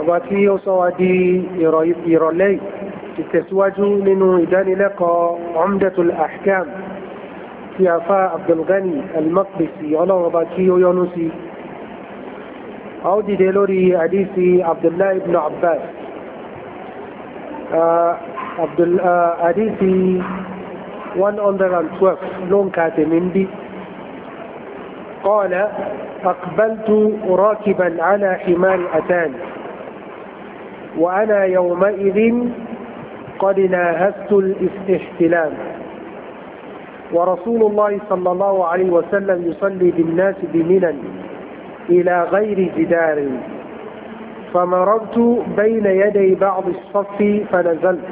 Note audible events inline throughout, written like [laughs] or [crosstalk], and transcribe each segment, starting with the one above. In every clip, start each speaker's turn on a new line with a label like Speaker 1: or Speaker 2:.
Speaker 1: ọba tí ó sọ wá di ìrọ̀lẹ́ ìtẹ̀síwájú nínú ìdánilẹ́kọ̀ọ́ Umdatul Ahkam tí a fa Abdulgani al-Maqdisi ọlọ́run ọba tí ó yọ́nú sí a ó dìde lórí àdísí Abdullahi ibn Abbas àdísí 112 ló ń ka tèmi ń bí قال أقبلت راكبا على حمار أتاني وأنا يومئذ قد ناهزت الاستحتلام ورسول الله صلى الله عليه وسلم يصلي بالناس بمنن إلى غير جدار فمررت بين يدي بعض الصف فنزلت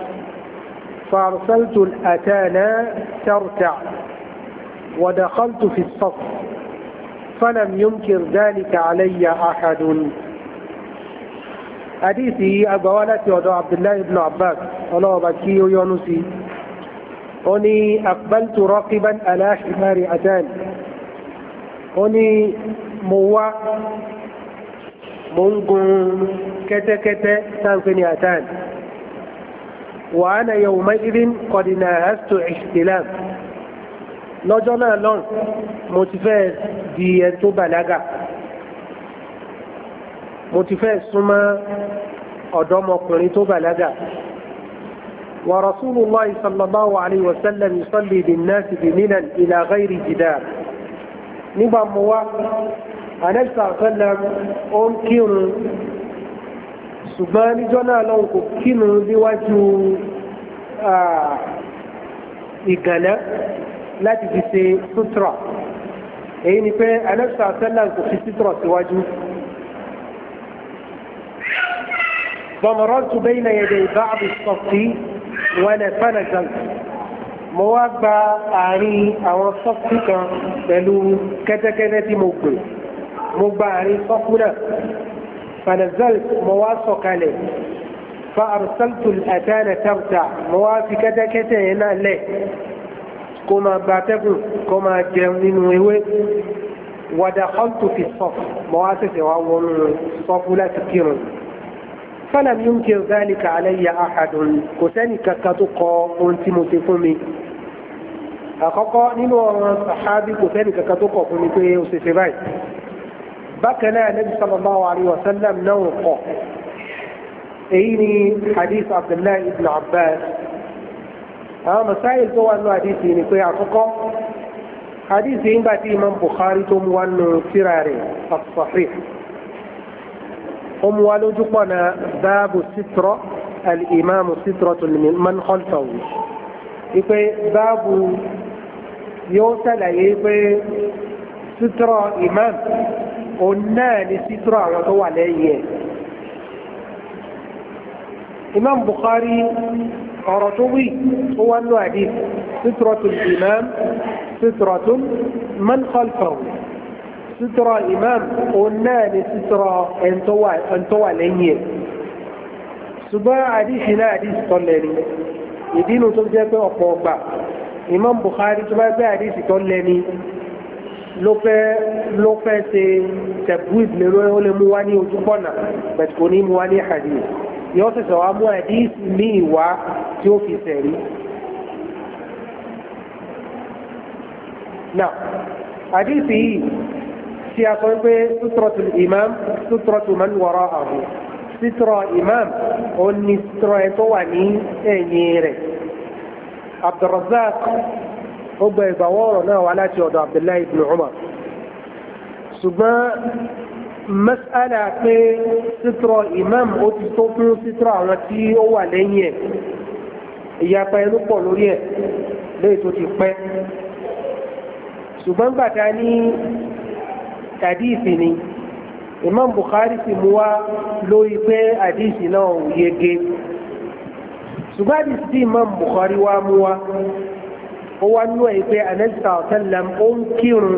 Speaker 1: فأرسلت الأتانا ترتع ودخلت في الصف فلم ينكر ذلك علي أحد حديثي أبوالة ودو عبد الله بن عباس الله بكي يونسي أني أقبلت راقبا على حمار أتان أني موا منقن كتا كتا تنقني أتان وأنا يومئذ قد ناهزت احتلام لجنا لون متفاد دي أنتو بلغة mo ti fẹ́ súnmọ́ ọ̀dọ́mọkùnrin tó bàlágà wa rasulullahi sallallahu alayhi wa sallam yusalli bin-nasi bi minan ila ghairi jidar nígbà mo wá anẹ́sà sallam ó ń kírun ṣùgbọ́n níjọ́ náà lọ́hùn kò kírun níwájú ìgànnà láti fi ṣe sutura èyí ni pé anẹ́sà sallam kò fi sutura síwájú. Si فمررت بين يدي بعض الصف وانا فنزلت مواقبة أعني أو صفك بلو كتكنتي مقبل مقبل أعني صفنا فنزلت مواصق له فأرسلت الأتان ترتع موافقة كتهنا له كما باتكم كما جمعين ويوه ودخلت في الصف مواسس وصفلة كير فلم ينكر ذلك علي أحد كسانك كتقى أنت متفمي أقاقا نينو صحابي كسانك كتقى أنت متفمي بكنا النبي صلى الله عليه وسلم نوقع إيني حديث عبد الله بن عباس أما سائل طوال حديثي نكوي أقاقا hadith yìí ń gbà tí imam bukhari tó mú wa nù síra rẹ̀ as-sahih ó mú wa lójú pọ̀ na báàbù sítírọ̀ al-imam sítírọ̀ tó ní man khalfahu ipe báàbù yóò ṣàlàyé pé sítírọ̀ imam òun náà ni sítírọ̀ àwọn tó wà lẹ́yìn ẹ̀ imam bukhari ọ̀rọ̀ tó wí ó wá nù àdí sítúrọ̀tù imam sítúrọ̀tù man khalfahu sítúrọ̀ imam òun náà ni sítúrọ̀ ẹ̀ńtọ́wà lẹ́yìn ẹ̀ ṣùgbọ́n àdìsí náà àdìsí tọ́lẹ̀ ni ìdí inú tó jẹ́ pé ọ̀pọ̀ ọgbà Imam Bukhari tó bá gbé àdìsí tọ́lẹ̀ ni ló fẹ́ ṣe tẹ̀bú ìdílé ló lè mú wá ní ojú pọ̀nà ní mú wá ní àdìsí yóò ṣẹ̀ṣẹ̀ wá mú àdíìsì míì wá tí ó fi tẹ̀rí. Now, àdíìsì yìí tí a sọ pé sútrọ̀tù imam sútrọ̀tù man wọ̀rọ̀ ààbò sítrọ̀ imam ó ní sítrọ̀ ẹ̀ tó wà ní ẹ̀yìn rẹ̀. Abdulrazak ó gba ìgbàwọ́ náà wá láti ọ̀dọ̀ Abdullahi ibn Umar. Ṣùgbọ́n mas'ala pé sitra imam ó ti tó fún sitra àwọn tí ó wà lẹ́yìn ẹ̀ ìyapa ẹnu pọ̀ lórí ẹ̀ lẹ́yìn tó ti pẹ́ ṣùgbọ́n gbàtà ní hadithi ni imam bukhari sì mú wá lórí pé hadithi náà ò yege ṣùgbọ́n hadithi tí imam bukhari wá mú wá ó wá nú ẹ̀ pé anẹ́sítà ọ̀tẹ́lẹ̀m ó ń kírun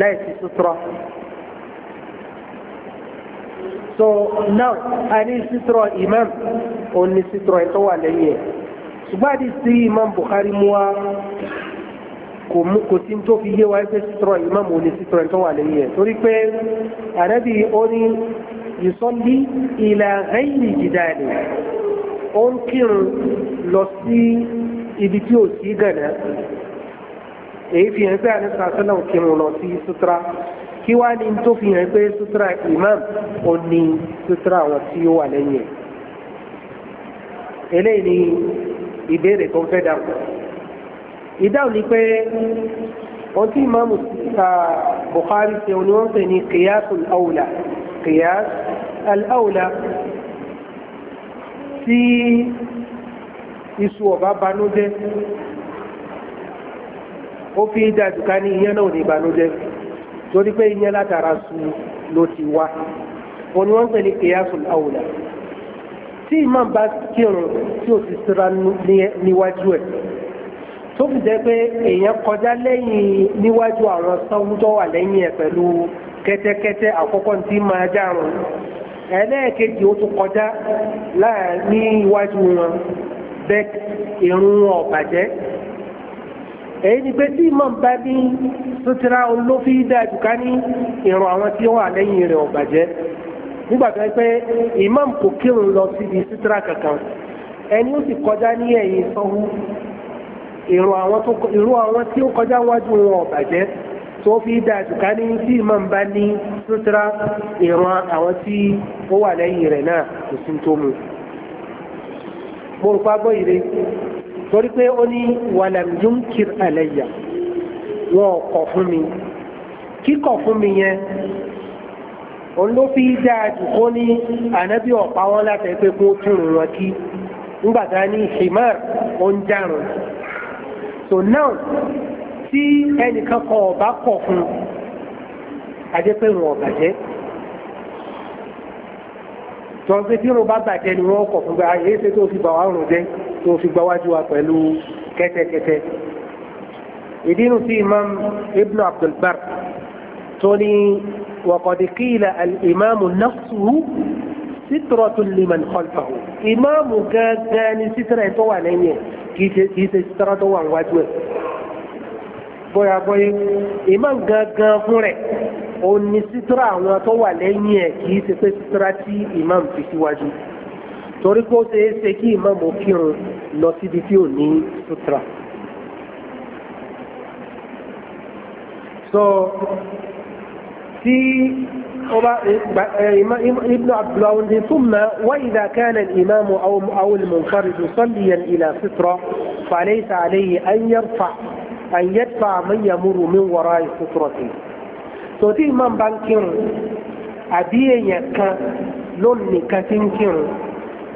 Speaker 1: láìsí sutura so now a ní sítrọ̀ imam ó ní sítrọ̀ ẹ̀ tó wà lẹ́yìn ẹ̀ ṣùgbọ́n àti sí imam Bukhari mú wa kò sí tó fi yé wa pé sítrọ̀ imam ó ní sítrọ̀ ẹ̀ tó wà lẹ́yìn ẹ̀ torí pé ànábì ó ní ìsọ́lí ìlà ghayri ó ń kírun lọ sí ibi tí ò sí gànà èyí fi hàn pé àníṣà sọ́nà kírun lọ sí sutura kí wá ní tó fi hàn pé sutura imam ó ní sutura àwọn tí ó wà lẹ́yìn ẹ̀ eléyìí ni ìbéèrè tó fẹ́ dáhùn ìdáhùn ni pé ohun tí imam Bukhari ṣe ni wọ́n pè ní qiyas al-awla qiyas tí iṣu ọba banújẹ́ ó fi dájú ká ní ìyẹn náà ní banújẹ́ torí pé ìyẹn látara sùn ló ti wá wọn ni wọ́n pè ní kìyàsùn àwòlà tí imam bá kírun tí ó ti sira níwájú ẹ̀ tó fi jẹ́ pé èèyàn kọjá lẹ́yìn níwájú àwọn sọ́wọ́tọ́ wà lẹ́yìn ẹ̀ pẹ̀lú kẹ́tẹ́kẹ́tẹ́ àkọ́kọ́ tí máa dárun ẹlẹ́ẹ̀kejì ó tún kọjá láàrin níwájú wọn bẹ́ẹ̀ irun ọ̀bàjẹ́ èyí ni pé tí imam bá ní sutura olófi dájú ká ní ìrun àwọn tí wọ́n lẹ́yìn rẹ̀ ọ̀bàjẹ́ nígbà pé imam kò kírun lọ síbi sutura kankan ẹni ó sì kọjá ní ẹ̀yìn sọ́hún ìrun àwọn tí ó kọjá wájú wọn ọ̀bàjẹ́ fi dájú ká ní tí bá ní àwọn tí wà lẹ́yìn rẹ̀ náà kò sí torí pé ó ní wàlàm alayya wọn kọ̀ fún mi kíkọ̀ fún mi yẹn òun ló fi dáa jù ní ànábì ọ̀pá wọn láti pé kó túrun wọn kí nígbà a ní himar ó ń járun so now tí ẹnìkan ọba fún tọ́n pé tí ròbá bàjẹ́ ni wọ́n kọ̀ fúngbà èéṣe tó fi bàwá rùn jẹ́ tó fi gbáwájú wa pẹ̀lú kẹ́tẹ́kẹ́tẹ́ ìdínú sí imam ibn abdulbar tó ní wọ̀kọ̀dì kíìlà al-imamu nafsuhu sítírọ̀tù liman khalfahu imamu gángan ni sítírọ̀ tó wà lẹ́yìn kì í ṣe sítírọ̀ tó wà wájú ẹ̀ bóyá bóyá imam gangan fún rẹ̀ ó ní sítra àwọn tó wà lẹ́yìn ẹ̀ kì í ṣe pé sítra tí imam fi síwájú torí pé ó ṣe é ṣe kí imam ò kírun lọ síbi tí ò ní sítra. so tí ابن عبد الله ثم وإذا كان الإمام أو, أو المنفرد صليا إلى فطرة فليس عليه أن يرفع an yadfa man yamuru min wara'i sutrati so tí imam bá ń kírun àbí èèyàn kan lónìí kan ti ń kírun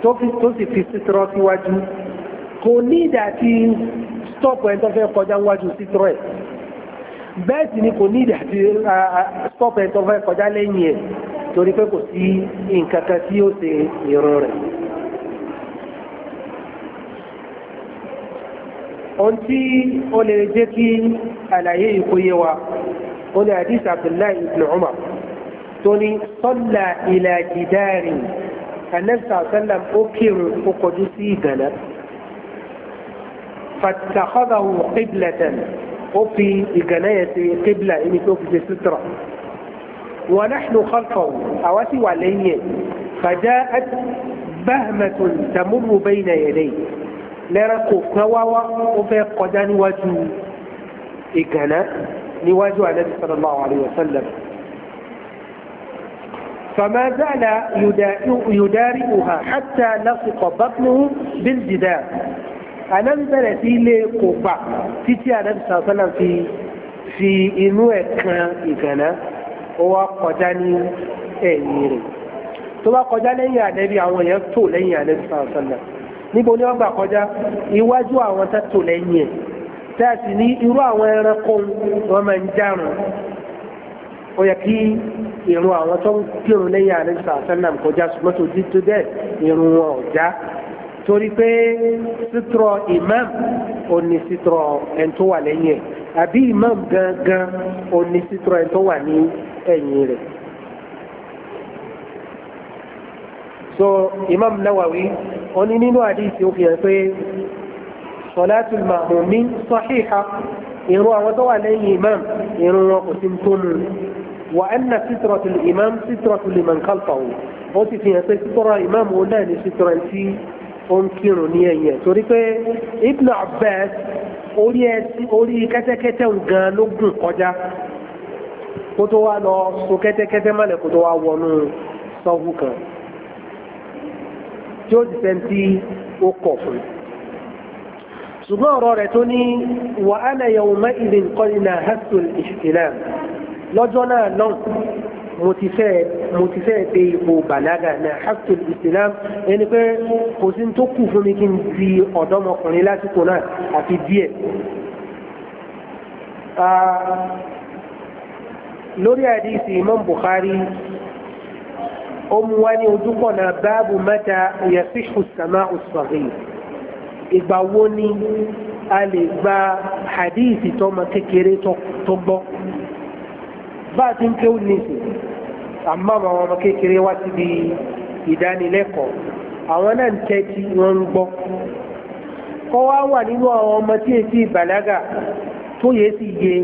Speaker 1: tó sì fi sítrọ́ síwájú kò ní ìdá tí stọ́ọ̀pù ẹni tó fẹ́ kọjá wájú sítrọ́ ẹ̀ bẹ́ẹ̀ sì ni kò ní ìdá tí stọ́ọ̀pù ẹni tó fẹ́ kọjá lẹ́yìn ẹ̀ torí pé kò sí nǹkan kan tí ó ṣe ìrun rẹ̀. ohun tí ó lè jẹ́ kí àlàyé ìkóyé wa ó ní àdìs abdullahi ibn umar tó ní sọ́là ìlà jìdáàrin anẹ́sà sọ́là ó kírun ó kọjú sí ìgànnà fàtàkọ́dàwò kíblẹ̀tẹ̀n ó fi ìgànnà yẹn sí kíblà ẹni tó fi ṣe sutura wọn náà ló kọ́kọ́ àwọn sì wà lẹ́yìn ẹ̀ fàjá báhàmẹ́tò tàmúrù bẹ́yìn ẹ̀yẹ̀ lẹ́yìn lẹ́rẹ́kò kan wá wá ó fẹ́ kọjá níwájú ìgànná níwájú ànábì sallallahu alayhi wa sallam فما زال يدارئها حتى لصق بطنه بالجدار ànábì bẹ̀rẹ̀ sí ilé kópa títí ànábì sàlọ́sọ́là fi fi inú ẹ̀ kan ìgànná ó wá kọjá ní ẹ̀yìn rẹ̀ tó bá kọjá lẹ́yìn ànábì àwọn èèyàn tó lẹ́yìn ànábì sàlọ́sọ́là níbo ni wọ́n gbà kọjá iwájú àwọn tó tò lẹ́yìn ẹ̀ tá a sì ní irú àwọn ẹranko wọn máa ń járun ó yẹ kí irun àwọn tó ń kírun lẹ́yìn àdéhùsà sẹ́nàm kọjá ṣùgbọ́n tó dídú bẹ́ẹ̀ irun wọn ò já torí pé sítrọ imam ò ní sítrọ ẹn tó wà lẹ́yìn ẹ̀ àbí imam gangan ò ní sítrọ ẹn tó wà ní ẹ̀yìn rẹ̀. so imam nawawi wọn ni nínú àdíṣe ó fi hàn pé sọ̀látù màmúmí sọ́híhá irun àwọn tó wà lẹ́yìn imam irun wọn kò sí tó mú wà á nà sítrọ̀tù imam sítrọ̀tù liman khalfahu ó ti fi hàn pé sítrọ̀ imam ó náà ní sítrọ̀ tí ó ń kírun ní ẹ̀yìn torí pé ibn abbas orí kẹ́tẹ́kẹ́tẹ́ gan ló gùn kọjá kó tó wá lọ so kẹ́tẹ́kẹ́tẹ́ mọ́lẹ̀ kó tó wá wọnú sọ́hù kan tí ó ti fẹ́ tí ó kọ̀ fún ṣùgbọ́n ọ̀rọ̀ rẹ̀ tó ní wà á nà yẹ̀wò mẹ́ ìlú nǹkan iná hasul ìṣìlá lọ́jọ́ náà náà mo ti fẹ́ mo ti ipò bàlágà náà hasul ìṣìlá ẹni pé kò sí tó kù fún mi kí n di ọ̀dọ́mọkùnrin lásìkò náà àfi díẹ̀ ah, lórí àdìsí Imam Bukhari ó mú wá ní ojúkọ̀nà báàbù mẹ́ta yasihu sama usahi ìgbà wo ni a lè gba hadith tọmọ kékeré tó gbọ́ bá a ti ń kéwòn nísìn àmọ́ àwọn ọmọ kékeré wá síbi ìdánilẹ́kọ̀ọ́ àwọn náà ń tẹ́tí wọ́n ń gbọ́ kọ́ wá wà nínú àwọn ọmọ tí èsì ìbàlágà tó yẹ sí iye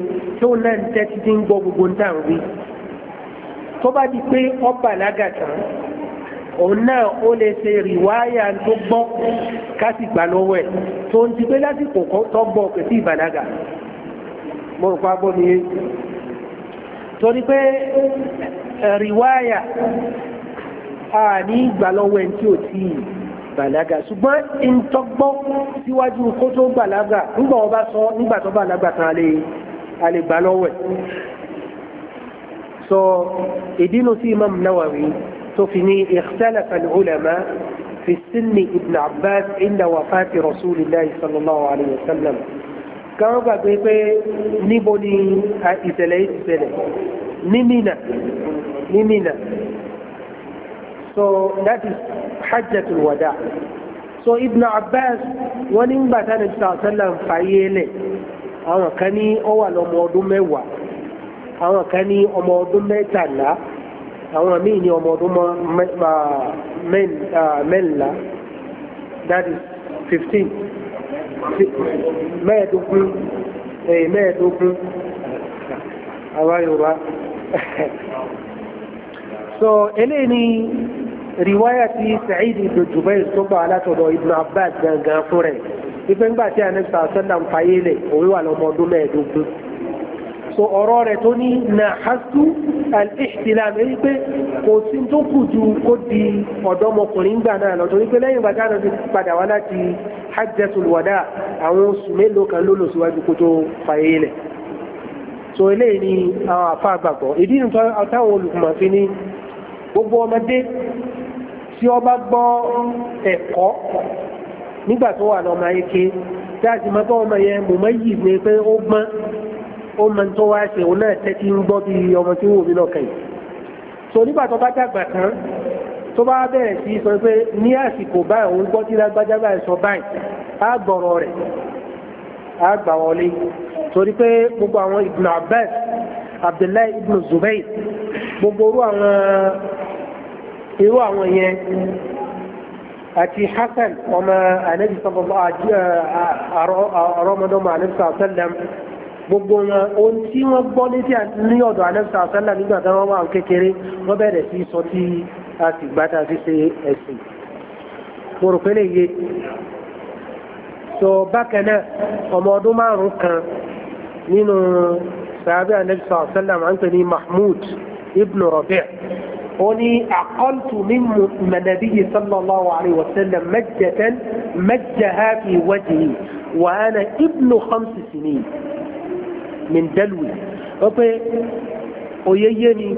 Speaker 1: tó náà ń tẹ́tí tí ń gbọ́ gbogbo ń tàn wí tó bá di pé ọba lágàtà òun náà ó lè ṣe rìwáyà tó gbọ́ kásì gbà lọ́wọ́ ẹ̀ tó ń ti pé lásìkò tó gbọ́ kò sí ìbàdàgà mo rò pa bó ni torí pé rìwáyà a ní gbà lọ́wọ́ ẹ̀ tí ò tí ì bàlágà ṣùgbọ́n ìtọ́gbọ́ síwájú kó tó bàlágà nígbà wọn bá sọ nígbà tó bàlágà tán a lè gbà lọ́wọ́ ẹ̀ so ìdínú sí imam nawawi tó fi ní ikhtalafa al-ulama fi sinni ibn abbas inda wafati rasulillahi sallallahu alayhi wa sallam káwọn gbàgbé pé níbo ni ìṣẹ̀lẹ̀ ìṣẹ̀lẹ̀ ní Mínà ní Mínà so that is hajjatul wada so ibn abbas wọ́n ní ń gbà tánà ìṣàṣẹ́lẹ̀ ń fàyé lẹ̀ àwọn kan ní ó wà lọ́mọ ọdún mẹ́wàá àwọn kan ní ọmọ ọdún mẹ́tàlá àwọn míì ní ọmọ ọdún mẹ́ńlá that is fifteen mẹ́ẹ̀ẹ́dógún ẹ̀yìn eh, mẹ́ẹ̀ẹ́dógún àwa [laughs] so eléyìí ni riwaya ti Sa'id ibn Jubayr tó gbà látọ̀dọ̀ Ibn Abbas gangan fún rẹ̀ ìfẹ́ ńgbà tí a ní ń fayé lẹ̀ òun wà lọ́mọ ọdún mẹ́ẹ̀ẹ́dógún so ọ̀rọ̀ rẹ̀ tó ní na hasu al-ihtilam èyí pé kò sí tó kù ju kó di ọ̀dọ́mọkùnrin gbà náà lọ torí pé lẹ́yìn bàtà náà ti padà wá láti hajjatul wada àwọn oṣù mélòó kan ló lò síwájú kó tó fàyè lẹ̀ so eléyìí ni àwọn àfa àgbàgbọ́ ìdí nìkan táwọn olùkùnmọ̀ fi ní gbogbo ọmọdé tí ó bá gbọ́ ẹ̀kọ́ nígbà tó wà lọ́mọ ayéke tí a sì ọmọ yẹn mọ̀mọ́ yìí ni pé ó gbọ́n ó mọ tó wá ṣe òun náà tẹ́tí ń gbọ́ bí ọmọ tí wò mí náà kẹ́yìn so nígbà tó bá dàgbà tán tó bá bẹ̀rẹ̀ sí sọ pé ní àsìkò báyìí òun gbọ́ tí lágbájá báyìí sọ báyìí á gbọ̀rọ̀ rẹ̀ á gbà wọlé torí pé gbogbo àwọn Ibn Abbas Abdullahi Ibn Zubayr gbogbo irú àwọn irú àwọn yẹn àti Hasan ọmọ anabi sallallahu alaihi wa sallam gbogbo wọn ohun tí wọ́n gbọ́ létí ní ọ̀dọ̀ anẹ́sà sálà nígbà tí wọ́n wà kékeré wọ́n bẹ̀rẹ̀ sí sọ tí a sì gbádà sí ṣe ẹ̀sìn mo rò pé lè yé sọ bákan náà ọmọ ọdún márùn-ún kan nínú sàábẹ́ anẹ́sà sálà máa ń pè ní Mahmud ibn Rabi' وني أقلت من النبي صلى الله عليه وسلم مجة مجها في وجهي وأنا ابن خمس سنين min dalwi wọ́n pé òye yé ni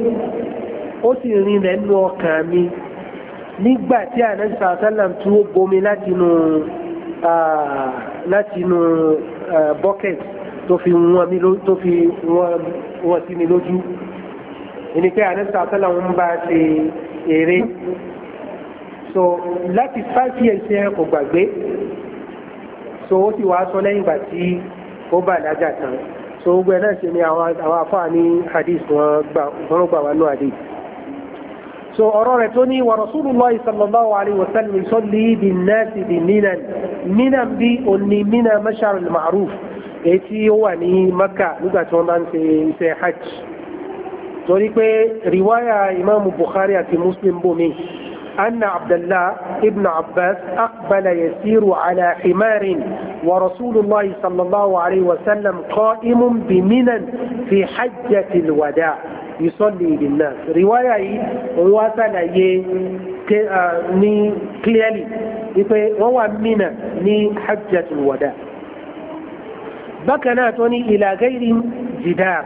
Speaker 1: ó sì rin rẹ̀ nú ọkàn mi nígbà tí ànábì sàlám tí ó bomi látinú látinú bucket tó fi wọ́n mi tó fi wọ́n sí mi lójú ẹni pé ànábì sàlám ń bá ṣe eré so láti five years kò gbàgbé so ó sì wàá sọ lẹ́yìn ìgbà tí ó bà lájà tán so gbogbo ẹ̀ náà ṣe ni àwọn afáà ní hadith wọn gbà wà nù hadith so ọ̀rọ̀ rẹ̀ tó ní wa rasulullah sallallahu alayhi wa sallam sọ́lì bí nẹ́ẹ̀sì bí minan minan bí òní minan mashar al-ma'ruf èyí tí ó wà ní makka nígbà tí wọ́n bá ń ṣe iṣẹ́ hajj torí pé riwaya imaamu bukhari àti muslim bomi anna abdullah ibn abbas aqbala yasiru ala himarin ورسول الله صلى الله عليه وسلم قائم بمنى في حجة الوداع يصلي للناس رواية وصل ni clearly ipe wọ́n wà Mina ní hajjatul wada bákan náà tó ní ila gairi jidar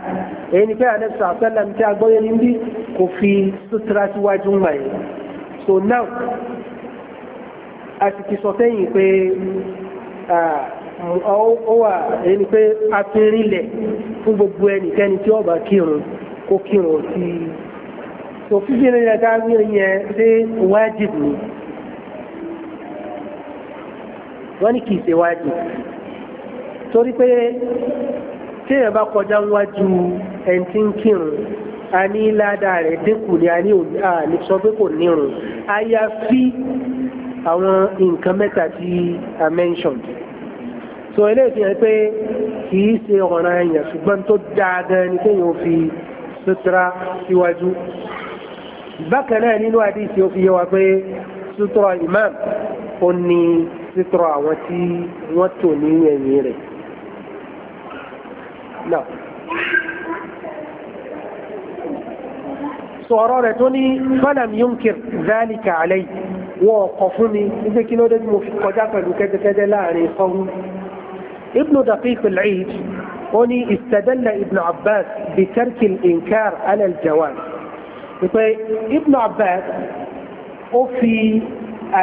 Speaker 1: èyí ni pé àlẹ́ sàásẹ́lẹ̀m tí a gbọ́yẹ̀ ní bí kò fi sutura síwájú wáyé so now a sì ti sọ sẹ́yìn pé ó wà ẹni pé a fi rinlẹ̀ fún gbogbo ẹnikẹ́ni tí ó bá kírun kó kírun sí i tó fífi rinlẹ̀ dá rírin yẹn ṣé wájib ni wọ́n ní kìí ṣe wájib torí pé tí èèyàn bá kọjá wájú ẹni tí ń kírun a ní ládàá rẹ̀ dínkù ni a ní sọ pé kò nírun àyàfi àwọn nǹkan mẹ́ta tí a mentioned so eléyìí fi hàn pé kì í ṣe ọ̀ràn èèyàn ṣùgbọ́n tó dáa gan ni kéèyàn fi sutura síwájú bákan náà nínú àdìsí ó fi yé wa pé sutura imam ó ní sutura àwọn tí wọ́n tò ní ẹ̀yìn rẹ̀ sọ̀rọ̀ rẹ̀ tó ní falam yunkir zálìkà alayhi wọn kọ̀ fún mi wípé kí ló dé tí mo fi kọjá pẹ̀lú kẹ́tẹ́kẹ́tẹ́ láàrin sọ́hún ibnu daqiq al-eid ó ní istadalla ibnu abbas bi tarki al-inkar ala al-jawaz wípé ibnu abbas ó fi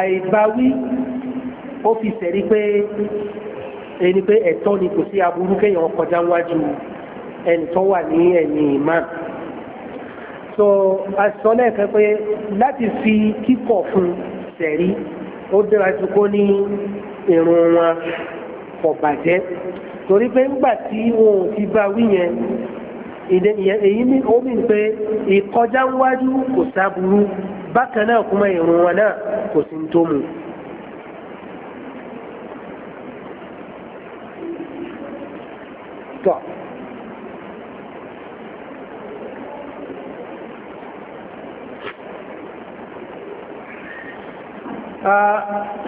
Speaker 1: àìbáwí ó fi sẹ̀rí pé ẹni pé ẹ̀tọ́ ni kò sí aburú kéèyàn kọjá wájú ẹni tó wà ní ẹ̀yìn imam so àṣọ lẹ́ẹ̀kẹ́ pé láti fi kíkọ̀ fún un sẹ̀rí ó dára tó kó ní irun wọn kò bàjẹ́ torí pé ńgbà tí wọn ò ti bá wí yẹn èyí ní omi pé ìkọjá wájú kò sáburú bákan náà kuma irun wọn náà kò sí ń tó mu. Stop.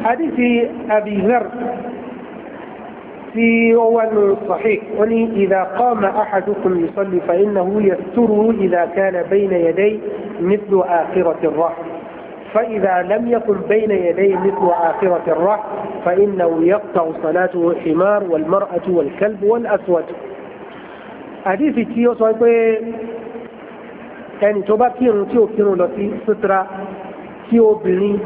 Speaker 1: حديث أبي ذر في أول صحيح ولي إذا قام أحدكم يصلي فإنه يستره إذا كان بين يديه مثل آخرة الرحم فإذا لم يكن بين يديه مثل آخرة الرحم فإنه يقطع صلاته الحمار والمرأة والكلب والأسود حديث كيو يعني تبا كيرو تيو كيرو لتي سترة تيو بلين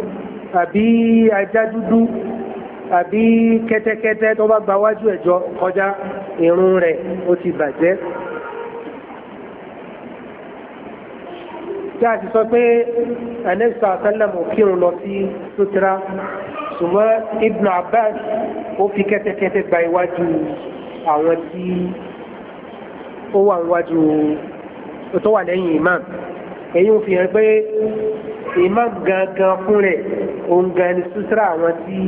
Speaker 1: àbí ajá dúdú àbí kẹ́tẹ́kẹ́tẹ́ tó bá gba wájú ẹ̀jọ́ kọjá irun rẹ̀ ó ti bàjẹ́ tí a ti sọ pé anẹ́sà àtàlẹ́mù kírun lọ sí sutura ṣùgbọ́n Ibn Abbas ó fi kẹ́tẹ́kẹ́tẹ́ gba iwájú àwọn tí ó wà níwájú tó wà lẹ́yìn imam èyí ń fi hàn pé imam gangan fún rẹ̀ òun gan ni sutura àwọn tí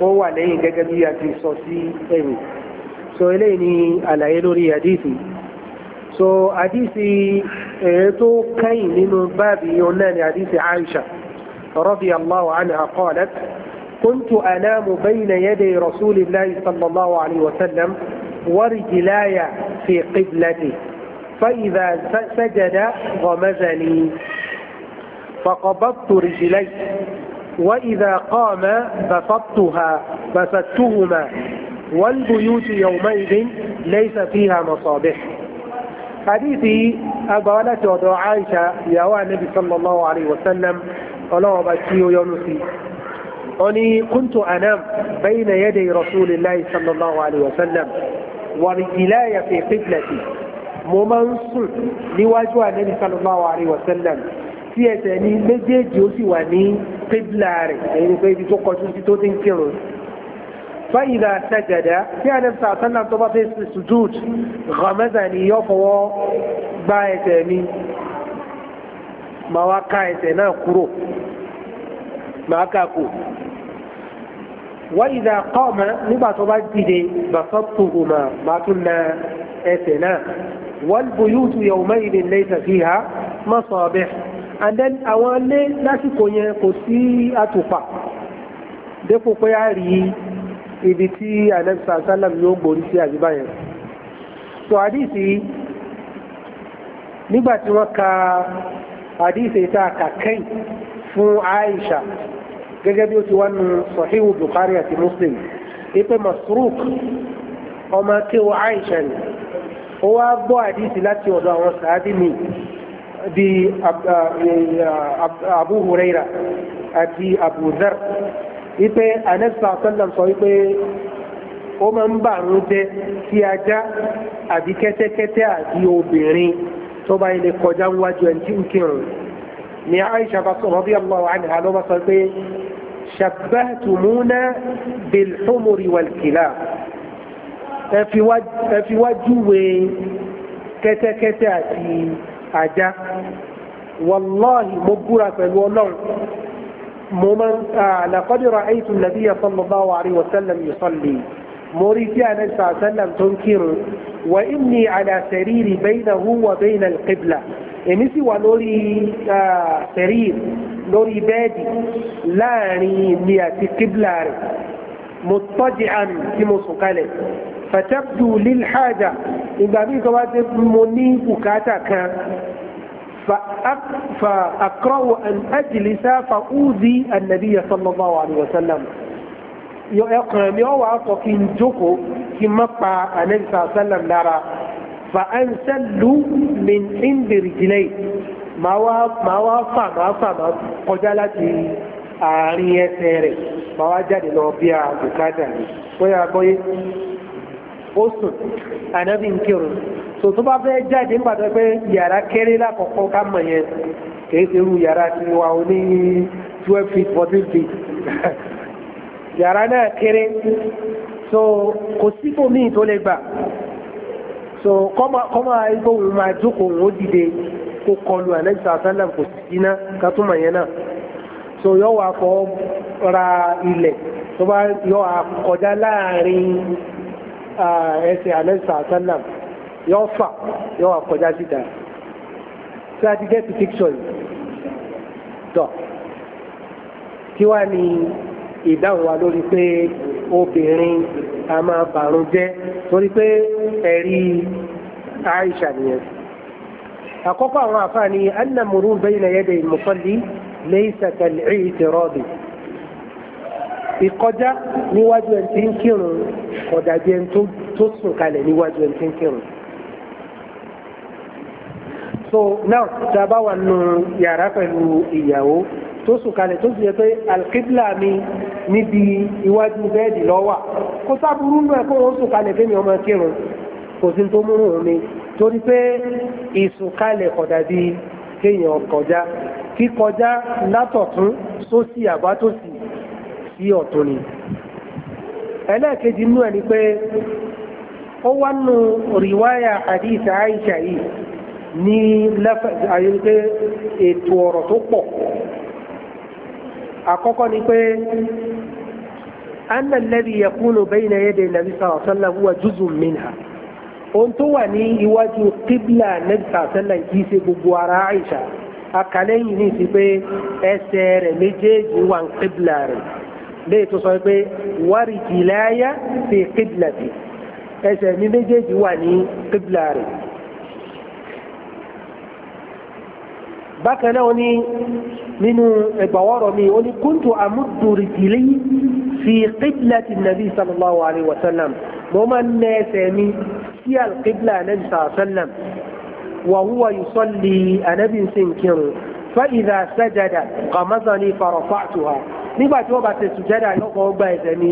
Speaker 1: wọ́n wà lẹ́yìn gẹ́gẹ́ bí a ti sọ sí ẹ̀yìn so eléyìí ni àlàyé lórí àdìsí so àdìsí èyí tó kẹ́yìn nínú báàbí òun náà ni àdìsí Aisha radiyallahu anha qalat كنت أنام بين يدي رسول الله صلى الله عليه وسلم ورجلاي في قبلته فإذا سجد غمزني فقبضت رجلي وإذا قام بسطتها بسطتهما والبيوت يومئذ ليس فيها مصابيح حديثي أبالة وضع عائشة يا النبي صلى الله عليه وسلم قالوا بكي يونسي أني كنت أنام بين يدي رسول الله صلى الله عليه وسلم ورجلاي في قبلتي ممنصر لواجه النبي صلى الله عليه وسلم في أتاني يوسي واني kíbla rẹ̀ èyí ni pé ibi tó kọjú sí tó ti ń kírun fáyìlà sajada tí a nẹ́bí sàtánà tó bá fẹ́ sujud ghamẹ́sà ni yọ fọwọ́ gbá ẹsẹ̀ mi máa wá ká ẹsẹ̀ náà kúrò máa ká kù wọ́n ìdá qama nígbà tó bá dìde basattuhuma máa tún na ẹsẹ̀ náà wal buyutu yawma'idhin laysa fiha masabih and then àwọn ilé lásìkò yẹn kò sí àtùpà dépò pé a rí ibi tí anẹ́bísà sálàm yóò gborí sí àdúgbà yẹn so àdìsí nígbà tí wọ́n ka àdìsí tá a kà fún Aisha gẹ́gẹ́ bí ó ti wá nu Sahihu Bukhari àti Muslim ipe Masruq ọmọ kéwọ́ Aisha ni ó wá gbọ́ àdìsí láti ọ̀dọ̀ àwọn sàábì bí e, abu huraira àti abu dhar wípé anẹ́sà sọ́lá sọ wípé ó máa ń bà ń jẹ́ sí ajá àbí kẹ́tẹ́kẹ́tẹ́ àti obìnrin tó bá ilé kọjá wájú ẹni tí ń kírun ni aisha bá sọ rọ́bí allahu anha ló bá sọ pé ṣàbẹ́tùmúnà bilhumuri walkila ẹ fi kẹ́tẹ́kẹ́tẹ́ àti ajá wàláhì mo búra pẹ̀lú ọlọ́run mo máa ń àlàkọ́dìrọ̀ àìtùn nàbíyà sallallahu alaihi wasallam yusalli mo rí tí àná sàásálàm tó ń kírun wà inni ala sariri baynahu wa bayna al-qibla èmi sì wà lórí sariri lórí bẹ́ẹ̀dì láàrin mi àti qibla rẹ̀ mo tọ́jú àmì tí mo sùn kalẹ̀ fatabdu lil haja ìgbà bí kọ́ bá ti mo ní bùkátà kan فأقرأ أن أجلس فأوذي النبي صلى الله عليه وسلم يقرأ يوى أطفين جوكو كما قال النبي صلى الله عليه وسلم لارا فأنسل من عند رجلي ما ما وافى ما وافى قجلتي أعني سيري ما وجد لو بيع بكاتني ويا بوي ó sùn ànábì ń kírun so tó bá fẹ́ jáde nígbà tó pé yàrá kéré lákọ̀ọ́kọ́ ká mọ̀ yẹn kìí ṣe irú yàrá tí wà ó ní twelve feet fourteen feet [laughs] yàrá náà kéré so kò síbò míì tó lè gbà so kọ́mọ igbó òun máa jókòó òun ó dìde kó kọlu ànábì sàlám kò sí iná ká tó mọ̀ yẹn náà so yọ wà fọ ra ilẹ̀ tó bá yọ àkọjá láàrin ẹsẹ̀ àlẹ́sà sálàm yóò fà yóò wà kọjá síta tí a ti gẹ́ẹ̀tì píkṣọ̀ yìí tọ̀ kí wá ní ìdáhùn wa lórí pé obìnrin a máa bàrún jẹ́ torí pé ẹ̀rí Aisha nìyẹn àkọ́kọ́ àwọn àfáà ni anna murun bayna yaday musalli laysa kal'i tirabi ìkọjá níwájú ẹni tí ń kírun ọ̀dà jẹ́ ẹni tó sùn kalẹ̀ níwájú ẹni tí ń kírun. so now tá a bá wà nù yàrá pẹ̀lú ìyàwó tó sùn kalẹ̀ tó sì yẹ pé alkibla mi níbi iwájú bẹ́ẹ̀dì lọ́wà kó sábúrú náà kó o sùn kalẹ̀ fẹ́mi ọmọ kírun kò sí tó múrùn ún mi torí pé ìsùnkalẹ̀ kọ̀dà bí kéèyàn kọjá kíkọjá látọ̀tún sósì àbátòsì sí ọ̀tún ni ẹlẹ́ẹ̀kejì inú ẹ̀ ni pé ó wá nù rìwáyà hadith Aisha yìí ní ayélujára ètò ọ̀rọ̀ tó pọ̀ àkọ́kọ́ ni pé anna alladhi yakunu bayna yaday nabi sallallahu alaihi wasallam huwa juz'un minha ohun tó wà ní iwájú kíblà nabi sallallahu kì í ṣe gbogbo ara Aisha akalẹ́yìn ní ti pé ẹsẹ̀ rẹ̀ méjèèjì wà ń kíblà rẹ̀ léè tó sọ pé wárìkì láyá fi kíbla bi ẹsẹ̀ mi méjèèjì wà ní kíbla rẹ̀ bákan náà ní nínú ẹgbàwọ́rọ̀ mi ó ní kúntù àmúdùrìkìlì fi kíbla ti nàbí sallallahu alayhi wa sallam mo máa ń nẹ ẹsẹ̀ mi sí alkíbla nàbí sallallahu alayhi wa sallam wàhúwa yìí sọ́lì ànábì kírun fẹ́ìdà sẹ́jẹ̀dà kàmásà ní farafa'tuha nígbà tí wọ́n bá ṣe sùjẹ́dà yóò kọ́ gba ẹ̀sẹ̀ mi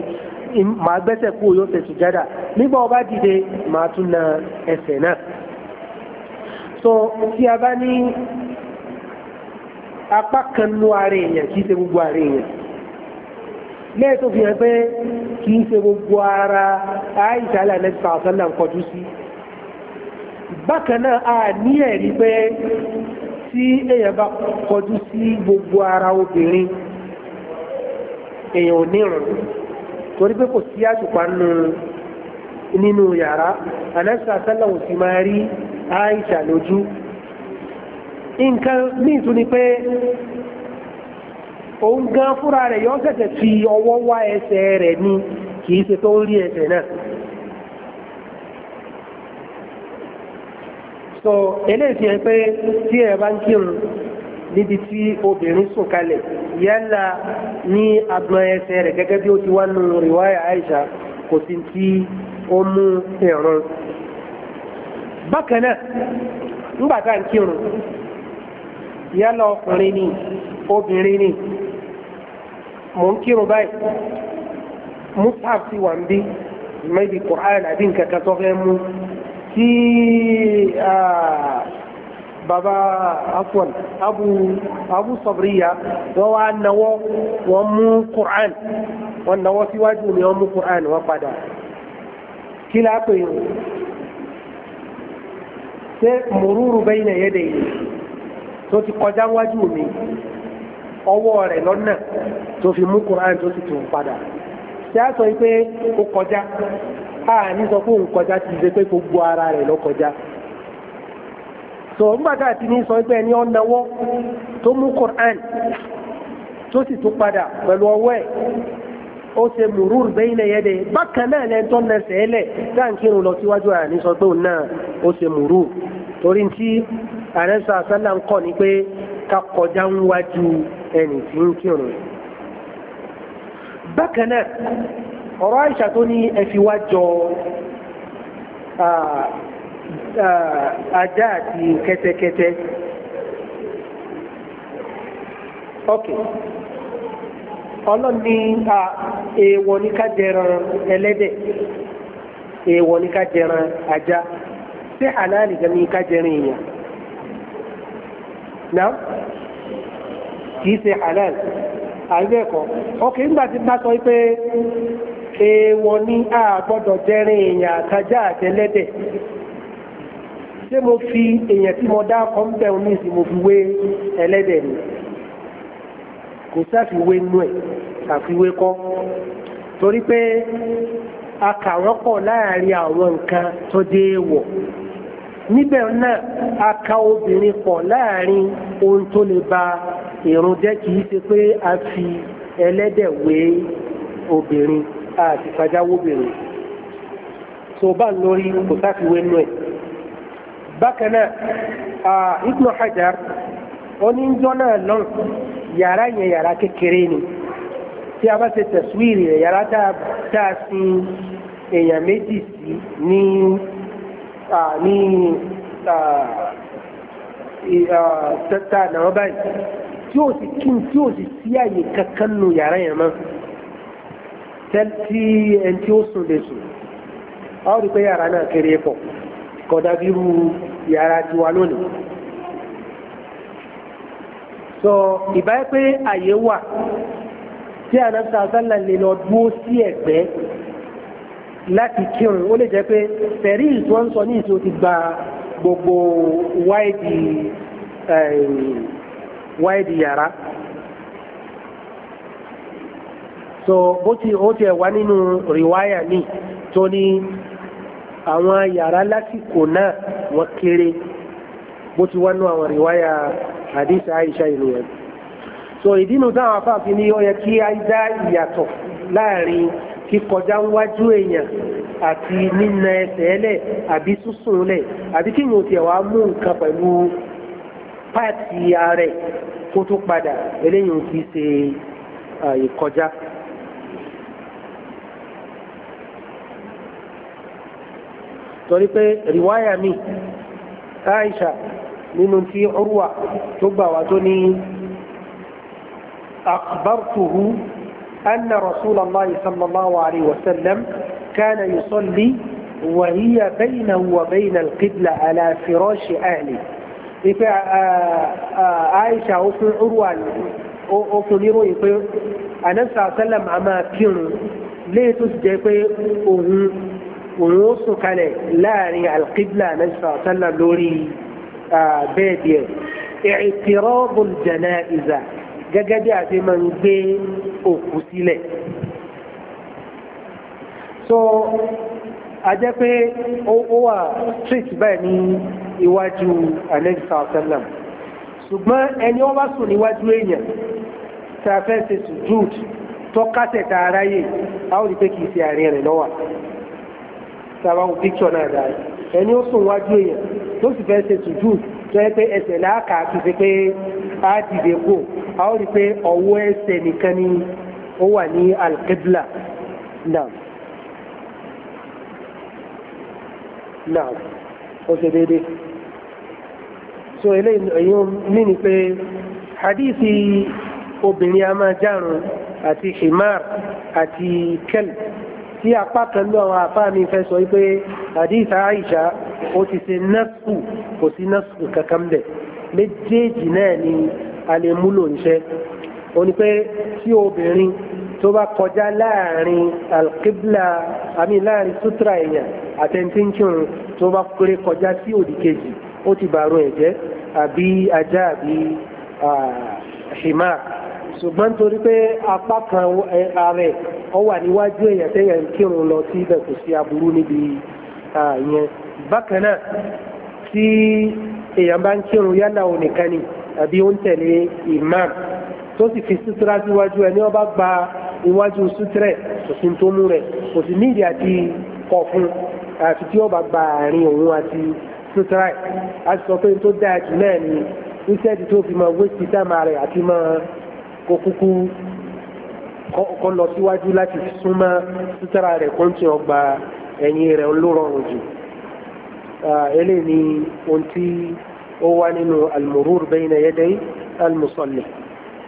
Speaker 1: màá gbẹ́sẹ̀ kú yóò ṣe sùjẹ́dà nígbà wọ́n dìde màá tún na ẹsẹ̀ náà. so tí a bá ní apá kan nú ara èèyàn kì í ṣe gbogbo ara èèyàn lẹ́yìn tó fi hàn pé kì í ṣe gbogbo ara àìsàlẹ̀ nẹ́tìfà ọ̀sán kọjú sí bákan náà a ní ẹ̀rí pé tí èèyàn bá kọjú sí gbogbo ara obìnrin èèyàn ò nírun torí pé kò sí àtùpà nínú yàrá anẹ́sà sẹ́lẹ̀ ò sì máa rí àìsà lójú nǹkan míì tún ni pé òun gan fúnra rẹ̀ yọ́ sẹ̀sẹ̀ fi ọwọ́ wá ẹsẹ̀ rẹ̀ ni kì í tó ń rí ẹsẹ̀ náà so eléyìí fi hàn pé tí ẹ bá ń kírun níbi tí obìnrin sùn kalẹ̀ yálà ní agbọn ẹsẹ̀ rẹ̀ gẹ́gẹ́ bí ó ti wá nù rìwáyà Àìṣà kò sí tí ó mú ìrun bákan náà nígbà tá ń kírun yálà ọkùnrin ni obìnrin ni mò ń kírun báyìí mustaf ti ń bí maybe Quran àbí nǹkan kan tó fẹ́ mú tí ah, baba afuwan abu abu sabriya wọn wa wọn mu qur'an wọn nawo siwaju ni wọn mu qur'an wọn pada kila ko yi se mururu bayna yadai to ti kọjá waju mi ọwọ rẹ lọnà to fi mu qur'an to si tun pada se a sọ yi pe a ah, ní sọ fún òǹkọjá ti ṣe pé gbogbo ara rẹ̀ lọ kọjá so nígbàtà àti ní sọ pé ẹni ọ̀nàwọ́ tó mú Qur'an tó sì tún padà pẹ̀lú ọwọ́ ẹ̀ ó ṣe mùrúr bẹ́yìnà yẹ́dẹ̀ bákan náà lẹ́yìn tó ń lẹsẹ̀ ẹlẹ̀ lọ síwájú àní sọ pé òun náà ó ṣe mùrúr torí tí àrẹ́sà sálà ń kọ́ ni pé ká kọjá ń wájú ẹnì tí ń kírun bákan náà ọ̀rọ̀ àìṣà tó ní ẹfiwájọ ajá àti kẹ́tẹ́kẹ́tẹ́ ok ọlọ́ni a èèwọ̀ ní ká jẹran ẹlẹ́dẹ̀ èèwọ̀ ní ká jẹran ajá sí àlàálì gan ní ká jẹran èèyàn náà kìí ṣe àlàálì àìbẹ́ẹ̀kọ́ ok nígbà tí bá sọ pé èèwọ̀ ní àgbọ́dọ̀ jẹrin èèyàn àtajá àtẹlẹ́dẹ̀ ṣé mo fi èèyàn tí mo dá kọ́ ń bẹ̀ ọ́ ní mo fi wee ẹlẹ́dẹ̀ ni kò sáfiwé nú ẹ̀ àfiwé kọ́ torí pé a kà wọ́n pọ̀ láàrin àwọn nǹkan tó dé wọ̀ níbẹ̀ náà a ka obìnrin pọ̀ láàrin ohun tó lè ba ìrun jẹ́ kì í ṣe pé a fi ẹlẹ́dẹ̀ wé obìnrin. àti fàjáwó bèrè tó bá ń lórí kò sáfiwé nú ẹ̀ bákan náà Ibn Hajar oníjọ́ náà lọ́n yàrá yẹn yàrá kékeré ni tí a bá ṣe tẹ̀síwìrì rẹ̀ yàrá tá a èèyàn méjì sí ní tẹ́tà náà báyìí tí ó sì kí tí ó sì sí àyè kankan nù yàrá yẹn mọ́ tí ẹni tí ó sùn lè sùn a ó rí pé yàrá náà kéré pọ̀ kódà bírú yàrá tiwa lónìí so ìbáyé pé àyè wà tí ànábìsà sálà lè lọ dúó sí ẹ̀gbẹ́ láti kírun ó lè jẹ́ pé fẹ̀rí ìtọ́ ń sọ ní ìtò ti gba gbogbo wáìdì yàrá. so bó ti ó ti ẹ̀wá nínú rìwáyà ni tó ní àwọn yàrá lásìkò náà wọ́n kéré bó ti wá nú àwọn rìwáyà hadith Aisha ìlú ẹ̀ so ìdínú táwọn afáàfin ni ó yẹ kí á dá ìyàtọ̀ láàrin kíkọjá wájú èèyàn àti nínà ẹsẹ̀ ẹlẹ̀ àbí súnsùn lẹ̀ àbí kí yóò tiẹ̀ wá mú nǹkan pẹ̀lú páàtì ara ẹ̀ kó tó padà eléyìí ò fi ṣe ìkọjá. Uh, torí pé rìwáyà mi Aisha nínú tí Urwa tó gbà wá tó ní akhbartuhu anna Rasulullah sallallahu alayhi wa kana yusalli وهي بينه وبين القبلة على فراش أهله ipe aisha ó fún urwa ó fún níròyìn pé anasa salam a máa kírun léè tó sì jẹ pé òun òun ó sùn kalẹ̀ láàrin alqibla anabisa ọ̀sánlá lórí bẹ́ẹ̀dì ẹ̀ ìtìrọ́bù jana'iza gẹ́gẹ́ bí a máa ń gbé òkú sílẹ̀ so a jẹ́ pé ó wà street báyìí ní iwájú anabisa ọ̀sánlá ṣùgbọ́n ẹni wọ́n bá sùn níwájú èèyàn tá ṣe sùjúùd tó kásẹ̀ tá a ó rí pé kì ṣe àárín rẹ̀ lọ́wọ́ sábà wò píkṣọ náà dáa ẹni ó sùn wájú èèyàn tó sì fẹ́ ṣe tùjú tó yẹ pé ẹsẹ̀ láàkà kì í ṣe pé á dìde kò a ó rí i pé ọwọ́ ẹsẹ̀ nìkan ni ó wà ní alqibla náà náà ó ṣe déédéé so eléyìí mí ni pé hadithi obìnrin a máa járun àti himar àti kelp tí apá kan ní àwọn àfáà mi fẹ́ sọ wípé àdíìsá àìṣà ó ti ṣe nẹ́sùkù kò sí nẹ́sùkù kankan bẹ̀ méjèèjì náà ni a lè múlò níṣẹ́ ó ní pé tí obìnrin tó bá kọjá láàrin alkibla àmì láàrin sutra èèyàn àtẹntínkìrún tó bá kéré kọjá sí òdì kejì ó ti bàrún ẹ̀jẹ̀ àbí ajá àbí ṣìmáà ah, ṣùgbọ́n torí pé apá kan ààrẹ ọ wà níwájú èèyàn tẹ́yàn ń kírun lọ sí ibẹ̀ kò sí aburú níbi yẹn bákan náà tí èèyàn bá ń kírun yálà ònìkan ni àbí ó ń tẹ̀lé imam tó sì fi sutura síwájú ẹni ọba gba iwájú sutura kò sí tó mú rẹ̀ kò sì nídìí àti kọ̀ àti tí ọba gba àárín òun àti sutura ẹ̀ a sì sọ pé tó dáa jù náà ni iṣẹ́ ti tó fi máa wé sí dáàmà rẹ̀ àti máa kó kúkú kó lọ síwájú láti súnmọ́ sítara rẹ̀ kó ń tún ọgbà ẹ̀yìn rẹ̀ ló rọrùn jù eléyìí ni ohun tí ó wá nínú almurur bayna yaday almusalli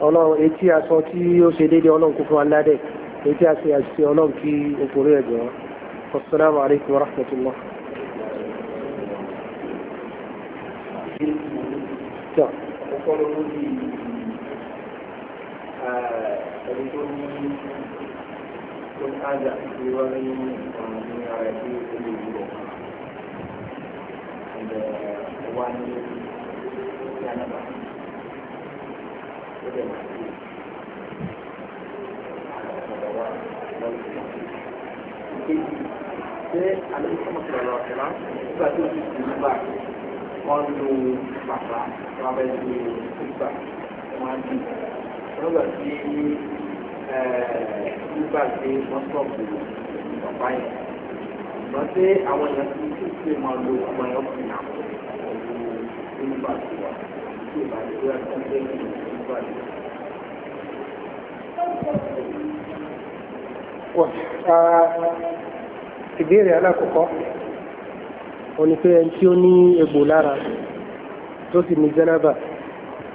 Speaker 1: ọlọ́run etí aṣọ tí ó ṣe déédéé ọlọ́run kò aládẹ́ etí aṣọ àṣìṣe ọlọ́run kí òkúrú ẹ̀ jọ wasalaamu alaykum wa rahmatullah.
Speaker 2: Yeah ẹni tó ní tó ní ájà tí wọ́n ní ọ̀nà ní ara tí ó lè wúlò ẹ̀dẹ̀ wá ní ìyánaba ó dẹ̀ máa ń ọ̀dọ̀ wa lọ́wọ́ ìkejì ṣé àlejò sọ́mọ̀tò ọ̀rọ̀ ọ̀sẹ̀lá nígbà tí ó ti sì nígbà wọ́n lo bàbá wọn abẹ́ lu ìgbà wọn á dì í lọ́gbà tí nígbà tí wọ́n sọ̀bù ọ̀pá yẹn ṣùgbọ́n tí àwọn èèyàn ti tún ṣe máa lo ọmọ yẹn ọkùnrin náà pẹ̀lú nígbà tí wà tí ìgbà tí wọ́n ti dé nígbà tí wọ́n.
Speaker 1: Ìbéèrè alákọ̀ọ́kọ́, òní pé ẹni tí ó ní egbò lára tó sì ní jẹ́nàbà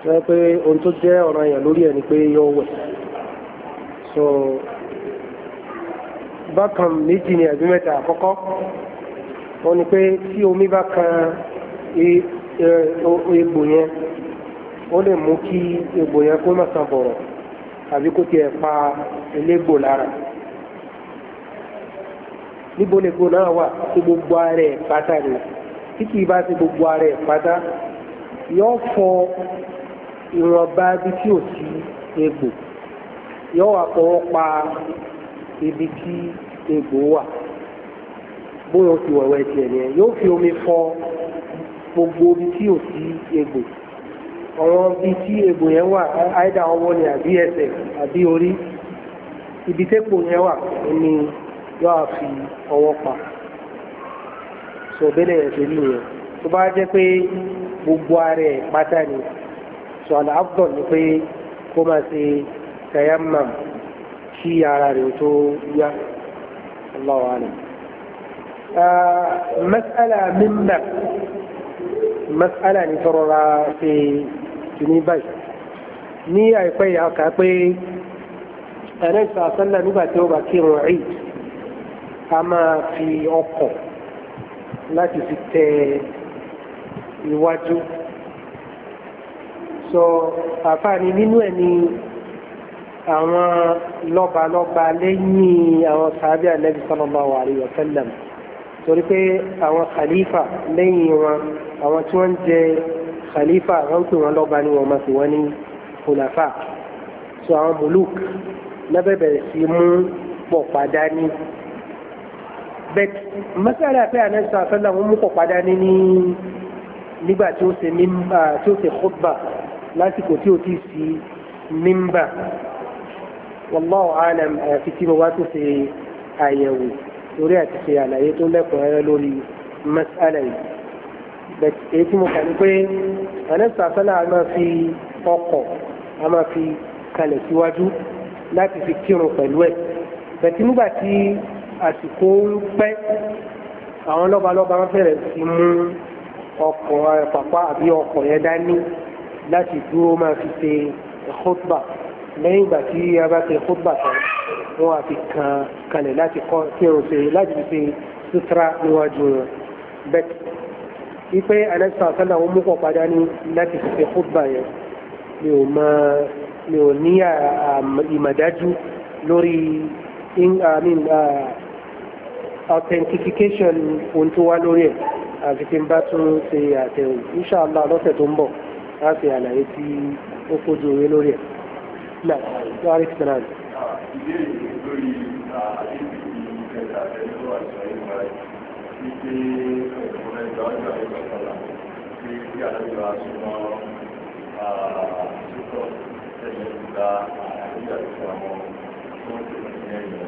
Speaker 1: tó yẹ pé ohun tó jẹ́ ọ̀ràn èèyàn lórí ẹ̀ ni pé yọ wẹ̀ so bákan méjì ni àbí mẹ́ta àkọ́kọ́ wọ́n ni pé tí omi bá kan e, e, egbò yẹn ó lè mú kí egbò yẹn kó má san bọ̀rọ̀ àbí kó tiẹ̀ pa elégbò lára níbo lègbò náà wà tí gbogbo ara pátá ni tí bá ti gbogbo ara pátá yóò fọ ìwọ̀nba ibi tí ò sí egbò yóò wà fọwọ́ pa ibi tí egbò wà bóyá ó ti wẹ̀wẹ̀ tiẹ̀ nìyẹn yóò fi omi fọ gbogbo ibi tí ò sí egbò àwọn ibi tí egbò yẹn wà áìdá ọwọ́ ni àbí ẹsẹ̀ àbí orí ibi tẹ́pò yẹn wà ni yóò fi ọwọ́ pa sọ bẹ́ẹ̀ ẹ̀sẹ̀ nìyẹn tó bá jẹ́ pé gbogbo ara ẹ̀ pátá ni. sọ àlàáfọ̀ ni pé kó máa ṣe tẹ̀yàmà kí ara rẹ̀ tó yá Allahu alam. mas'ala mímà mas'ala ni tọrọ ra ṣe tuni báyìí ní àìpẹ́ yà kà pé ẹ̀rẹ́ ìsàsánlẹ̀ nígbà tí ó bá kírun rí a máa fi ọkọ̀ láti fi tẹ iwájú so àfààní nínú ẹ̀ ni àwọn lọ́balọ́ba lẹ́yìn àwọn sàábì ànábì sallallahu alaihi wa sallam torí pé àwọn khalifa lẹ́yìn wọn àwọn tí wọ́n jẹ khalifa wọ́n pè wọ́n lọ́ba ni wọ́n máa fi wọ́n ní kùnàfà so àwọn muluk lẹ́bẹ̀bẹ̀rẹ̀ sí mú pọ̀ padà ní bẹ́t mọ́sára pé ànẹ́sà àfẹ́lá wọn mú pọ̀ padà ní nígbà tí ó ṣe ah, khutba lásìkò tí ó ti sí mímbà wallahu alam àyàfi tí mo wá tó ṣe àyẹ̀wò lórí àti ṣe àlàyé tó lẹ́kùnrẹ́rẹ́ lórí mas'ala yìí bẹ̀tì èyí tí mo kà ní pé anẹ́sà sọ́là a máa fi ọkọ̀ a máa fi kalẹ̀ síwájú láti fi kírun pẹ̀lú ẹ̀ bẹ̀tì nígbà tí àsìkò ń pẹ́ àwọn lọ́balọ́ba wọn fẹ̀rẹ̀ sí mú ọkọ̀ pàpà àbí ọkọ̀ yẹn dání láti dúró máa fi ṣe khutba lẹ́yìn ìgbà tí a bá ṣe khutba tán wọ́n á fi kan kalẹ̀ láti kọ́ kí o ṣe láti fi ṣe sutura níwájú rẹ̀ bẹ́ẹ̀ ipe anẹ́sà sọ́là ń mú pọ̀padà ní láti fi ṣe khutba yẹn mi ò mọ mi ò ní ìmọ̀dájú lórí authentication ohun tó wá lórí ẹ̀ àfi tí n bá tún ṣe àtẹ̀wò inṣàlá lọ́sẹ̀ tó ń bọ̀ á fi àlàyé tí ó kójú òwe lórí ẹ̀ náà lọ́wọ́ rí kìtà náà.
Speaker 2: ìbéèrè lórí àdébìtì ìkẹta ẹ̀rọ àṣà ìgbà wípé ẹ̀kọ́ ẹ̀dá ọjà ìgbà kọlà pé kí àdájọ́ àṣùmọ́ àṣùkọ̀ ẹ̀yẹ ìgbà àdéjà ìfọ̀mọ́ tó ń tẹ̀lé ẹ̀yẹ.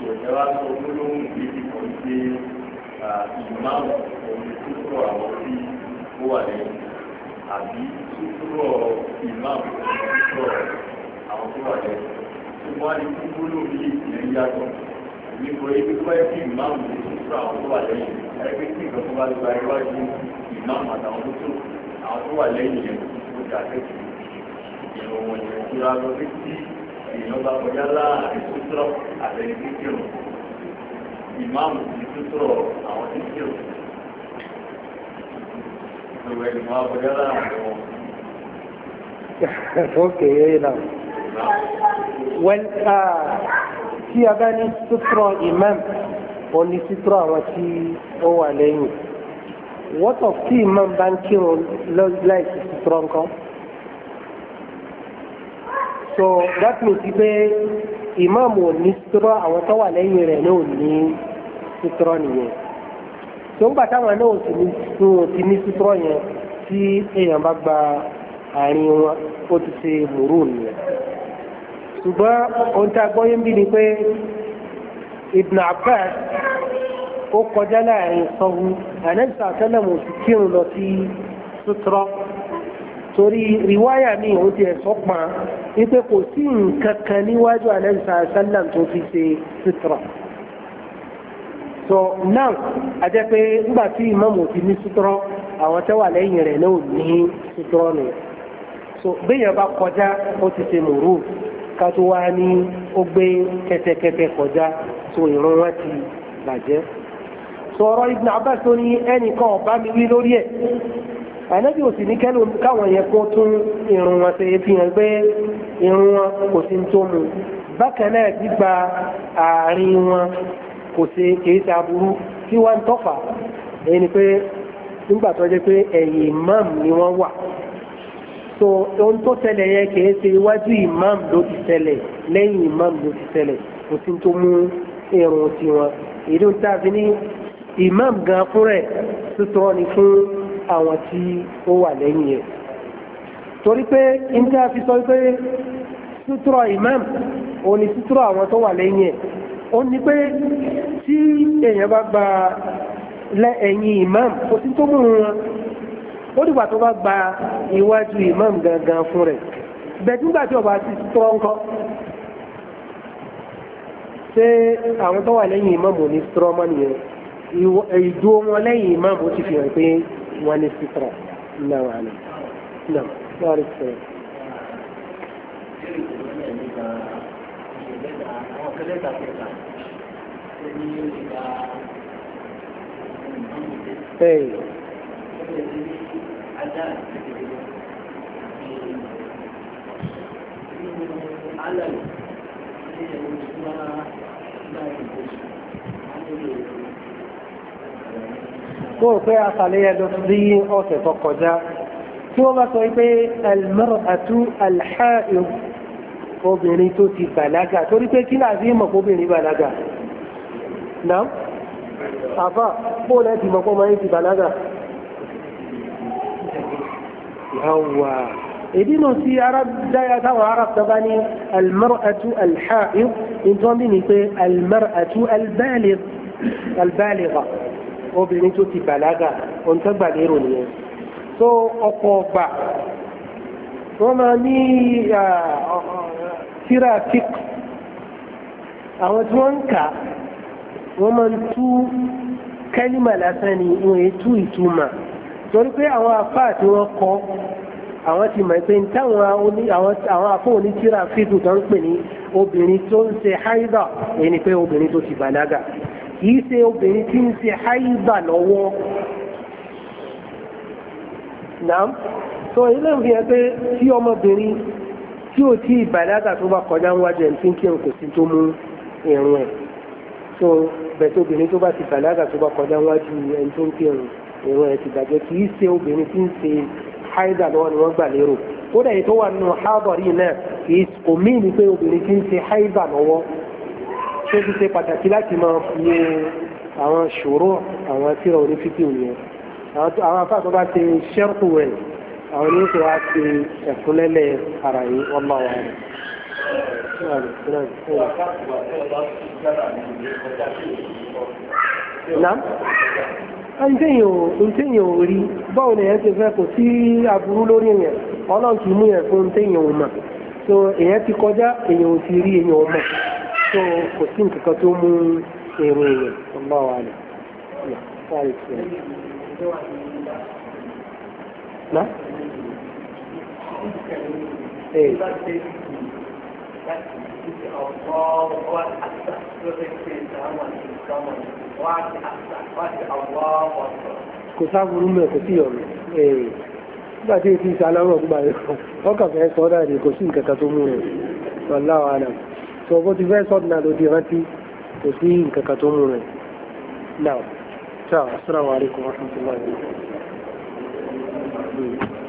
Speaker 2: ṣòṣẹ́ wá sọ gbólóhùn bíbí kan pé ìmáàmù òun ti kọ́ àwọn tí ó wà lẹ́yìn àbí súpúrọ̀ ìmáàmù súpúrọ̀ àwọn tó wà lẹ́yìn tó wá ní kúkúrú ní ìpínlẹ̀ yàtọ̀ nípa ebi tó bá yẹ kí ìmáàmù lè súpúrọ̀ àwọn tó wà lẹ́yìn ẹgbẹ́ tí ìgbà tó bá lè gba iwájú ìmáàmù àtàwọn tó tó àwọn tó wà lẹ́yìn yẹn tó dà kẹ́kì ìrọ̀ wọn yẹn kúra lọ sí tí èèyàn bá kọjá láàrin súpúrọ̀ àtẹnidíkìrùn ìmáàmù ti súpúrọ̀ àwọn tí kìrùn وين ما بقرا
Speaker 1: اوكي اي نعم
Speaker 2: وال tí a bá ní sutura
Speaker 1: imam ó ní sutura àwọn tí ó wà lẹ́yìn what tí imam bá ń kírun láì sí sutura nǹkan so that means pé imam ò ní sutura àwọn tó wà lẹ́yìn rẹ̀ náà ò ní sutura nìyẹn tó ń gbà táwọn náà sì ní wọn ti ní sútúrọ̀ yẹn tí èèyàn bá gba àárín wọn ó ti ṣe mòró nìyẹn ṣùgbọ́n ohun tá a gbọ́ yé ń bí ni pé Ibn Abbas ó kọjá láàrin sọ́hu ànẹ́sà tẹ́lẹ̀mù sì kírun lọ sí sútúrọ̀ torí riwaya mi ò tiẹ̀ sọ́pàá wípé kò sí nǹkan kan níwájú ànẹ́sà tẹ́lẹ̀mù tó fi ṣe sútúrọ̀. so now a jẹ́ pé nígbà tí ìmáàmù ti ní sútúrọ́ àwọn tẹ́ wà lẹ́yìn rẹ̀ náà so béèyàn bá kọjá ó ti ṣe mùrù ká tó wá ní ó gbé kẹtẹkẹtẹ kọjá so ìran wọn ti bàjẹ́ sọ̀rọ̀ Ibn Abbas tó ní ẹnìkan ọba mi wí lórí ẹ̀ ànábì òsì ní kẹ́lò káwọn yẹn kó tún irun wọn ṣe fi hàn pé irun kò sí kìí ṣe aburú tí wọ́n ń tọ́fà èyí ni pé nígbà jẹ́ pé ẹ̀yìn imam ni wọ́n wà so ohun tó ṣẹlẹ̀ yẹn kìí ṣe iwájú imam ló ti ṣẹlẹ̀ lẹ́yìn imam ló ti ṣẹlẹ̀ kò sí tó mú irun tiwọn èyí ló ń tàbí ní imam gan fún rẹ̀ tó tọ́ ni fún àwọn tí ó wà lẹ́yìn yẹn torí pé nígbà fi sọ pé sútúrọ̀ imam òun ni sútúrọ̀ àwọn tó wà lẹ́yìn yẹn ó ní pé tí èèyàn bá gba ẹ̀yìn imam kò sí tó mú wọn ó dìgbà tó bá gba iwájú imam gangan fún rẹ̀ bẹ̀tí nígbà tí ọba ti tọ́ ń kọ́ ṣé àwọn tó wà lẹ́yìn imam ò ní sọ́rọ́ mọ́ nìyẹn ìdúró wọn lẹ́yìn imam ó ti fi hàn pé wọ́n ní sítra náà wà náà wọ́n rí sọ́rọ́. Gracias bẹ́ẹ̀. tó o pé asàlẹ̀ yẹn lọ sí ọ̀sẹ̀ tó kọjá tí wọ́n bá sọ pé almar'atu alha'id obìnrin tó ti bàlágà torí pé kí láti mọ̀ obìnrin bàlágà. نعم عفا مو لا يأتي مقوم ما يأتي بلاغا هو إذن في عرب لا يتوى عرب تباني المرأة الحائض انتم بنيتي المرأة البالغ البالغة وبنيتو في بلاغا انت بليروني سو أقوبا وما مي آه، آه، آه، سيرا فيق أو تونكا wọ́n máa ń tú kẹ́límà lásán ni wọ́n yẹ tú ìtumà torí pé àwọn afá tí wọ́n kọ́ àwọn ti mọ̀ pé táwọn àwọn afọ onítìrà fídù tó ń pè ní obìnrin tó ń ṣe haida èyí ni pé obìnrin tó ti bàlágà kìí ṣe obìnrin tí ń ṣe haida lọ́wọ́ nàám tó ilé ń fi hàn pé tí ọmọbìnrin tí ò tí ì bàlágà tó bá kọjá ń wájú ẹ̀ ń fi ń kí ẹ̀ kò sí tó mú ìrún ẹ̀ so bẹ̀tẹ̀ obìnrin tó bá ti bàlágà tó bá kọjá wájú ẹni tó ń kírun èrò ẹ̀ ti bàjẹ́ kì í ṣe obìnrin tí ń ṣe haida lọ́wọ́ ni wọ́n gbà lérò kódà èyí tó wà nínú hábọ̀rì náà kì í kò mí ni pé obìnrin tí ń ṣe haida lọ́wọ́ tó ti ṣe pàtàkì láti máa fi àwọn ṣòro àwọn tíra onífífì yẹn àwọn afáàfọ́ bá ṣe ṣẹ́rù rẹ̀ àwọn oníṣòwò á ṣe ẹ̀kúnlẹ́lẹ̀ ara yìí wọ́n máa wà rẹ̀. Nam? Ah, ntẹ́yìn ò rí báwo ni èyàn ti fẹ́ kò sí aburú lórí èyàn ọlọ́run ti mú yẹn fún ntẹ́yìn ò so èyàn ti kọjá ò ti rí èyàn ò so kò sí nǹkan tó mú
Speaker 2: èrò èyàn ọba wa ni. na? Ee. láti ṣe ọ̀pọ̀ wá àṣà lórí ṣe ìdáhùn àti ìdáhùn wá àti àṣà wá àti ọ̀pọ̀ ọ̀pọ̀.
Speaker 1: kò sáfurú mẹ́ kò sí ọ̀rọ̀ ẹ̀rẹ̀ nígbà tí èsì ìsàlámọ̀ gbà yọ ọkàn fẹ́ sọ náà ni kò sí nǹkan kan tó mú rẹ̀ ọ̀làwọ̀ àná sọ bó ti fẹ́ sọ́dún náà lóde rántí kò sí nǹkan tó mú rẹ̀ náà. Assalamu alaikum warahmatullahi
Speaker 2: wabarakatuh.